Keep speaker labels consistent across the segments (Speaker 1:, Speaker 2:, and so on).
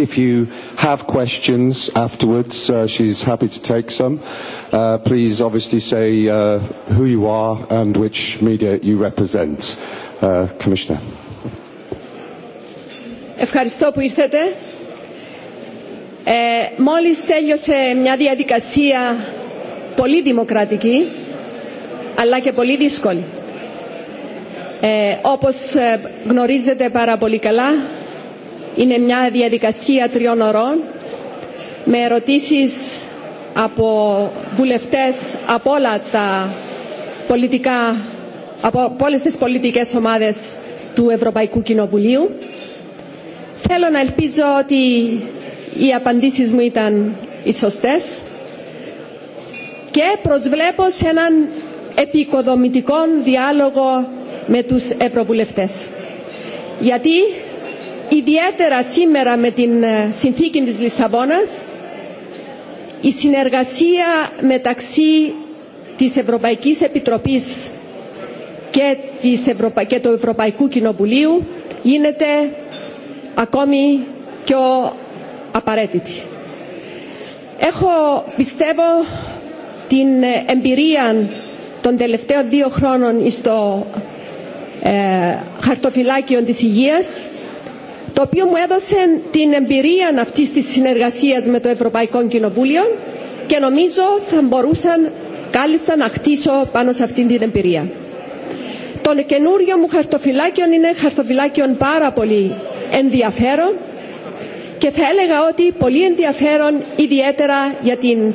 Speaker 1: if you have questions afterwards, she's happy to take some. Please obviously say who you are and which media you represent. Commissioner. Ευχαριστώ που ήρθατε. Ε, μόλις τέλειωσε μια διαδικασία πολύ δημοκρατική, αλλά και πολύ δύσκολη. Ε, όπως γνωρίζετε πάρα πολύ καλά, είναι μια διαδικασία τριών ωρών με ερωτήσεις από βουλευτές από όλα τα πολιτικά από όλες τις πολιτικές ομάδες του Ευρωπαϊκού Κοινοβουλίου. Θέλω να ελπίζω ότι οι απαντήσεις μου ήταν οι σωστές και προσβλέπω σε έναν επικοδομητικό διάλογο με τους Ευρωβουλευτές. Γιατί Ιδιαίτερα σήμερα με την ε, συνθήκη της Λισαβόνας η συνεργασία μεταξύ της Ευρωπαϊκής Επιτροπής και, του Ευρωπαϊκού Κοινοβουλίου γίνεται ακόμη πιο απαραίτητη. Έχω, πιστεύω, την εμπειρία των τελευταίων δύο χρόνων στο ε, χαρτοφυλάκιο της υγείας το οποίο μου έδωσε την εμπειρία αυτή της συνεργασίας με το Ευρωπαϊκό Κοινοβούλιο και νομίζω θα μπορούσαν κάλλιστα να χτίσω πάνω σε αυτή την εμπειρία. Το καινούριο μου χαρτοφυλάκιο είναι χαρτοφυλάκιο πάρα πολύ ενδιαφέρον και θα έλεγα ότι πολύ ενδιαφέρον ιδιαίτερα για την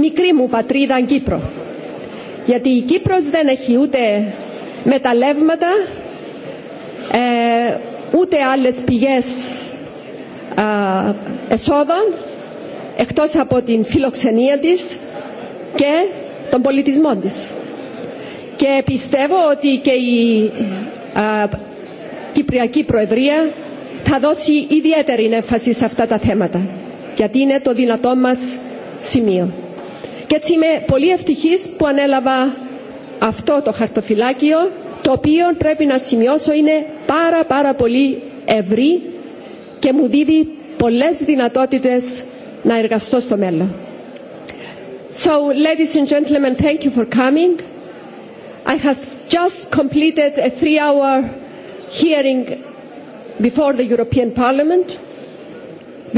Speaker 1: μικρή μου πατρίδα Κύπρο. Γιατί η Κύπρος δεν έχει ούτε μεταλλεύματα, ε, ούτε άλλες πηγές εσόδων εκτός από την φιλοξενία της και τον πολιτισμό της. Και πιστεύω ότι και η Κυπριακή Προεδρία θα δώσει ιδιαίτερη έμφαση σε αυτά τα θέματα γιατί είναι το δυνατό μας σημείο. Και έτσι είμαι πολύ ευτυχής που ανέλαβα αυτό το χαρτοφυλάκιο το οποίο πρέπει να σημειώσω είναι πάρα πάρα πολύ ευρύ και μου δίδει πολλές δυνατότητες να εργαστώ στο μέλλον. So, ladies and gentlemen, thank you for coming. I have just completed a three-hour hearing before the European Parliament,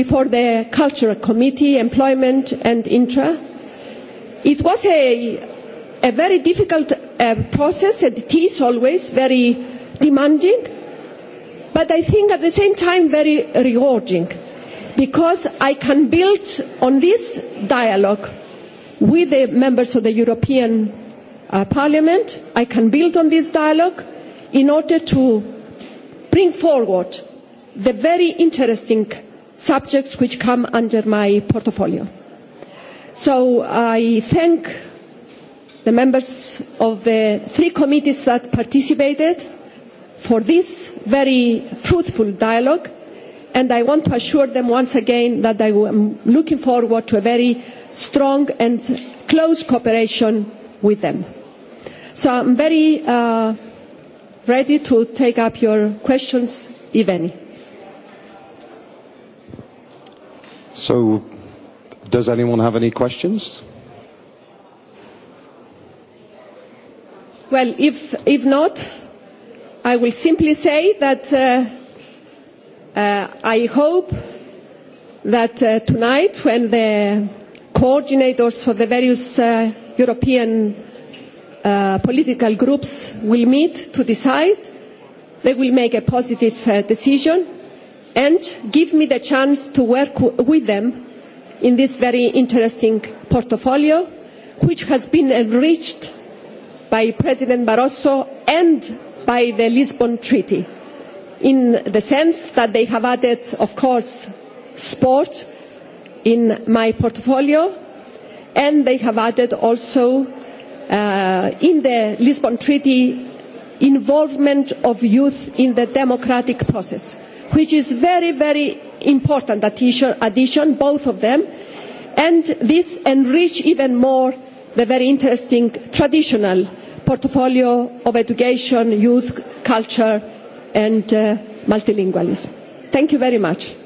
Speaker 1: before the Cultural Committee, Employment and Intra. It was a, very difficult process, and it is always very demanding but I think at the same time very rewarding because I can build on this dialogue with the members of the European Parliament. I can build on this dialogue in order to bring forward the very interesting subjects which come under my portfolio. So I thank the members of the three committees that participated for this very fruitful dialogue and I want to assure them once again that I am looking forward to a very strong and close cooperation with them. So I'm very ready to take up your questions, if any. So does anyone have any questions? Well, if not I will simply say that I hope that tonight when the coordinators for the various European political groups will meet to decide, they will make a positive decision and give me the chance to work with them in this very interesting portfolio which has been enriched by President Barroso and by the Lisbon Treaty, in the sense that they have added, of course, sport in my portfolio, and they have added also, in the Lisbon Treaty, involvement of youth in the democratic process, which is very, very important addition, both of them, and this enrich even more the very interesting traditional portfolio of education, youth, culture and multilingualism. Thank you very much.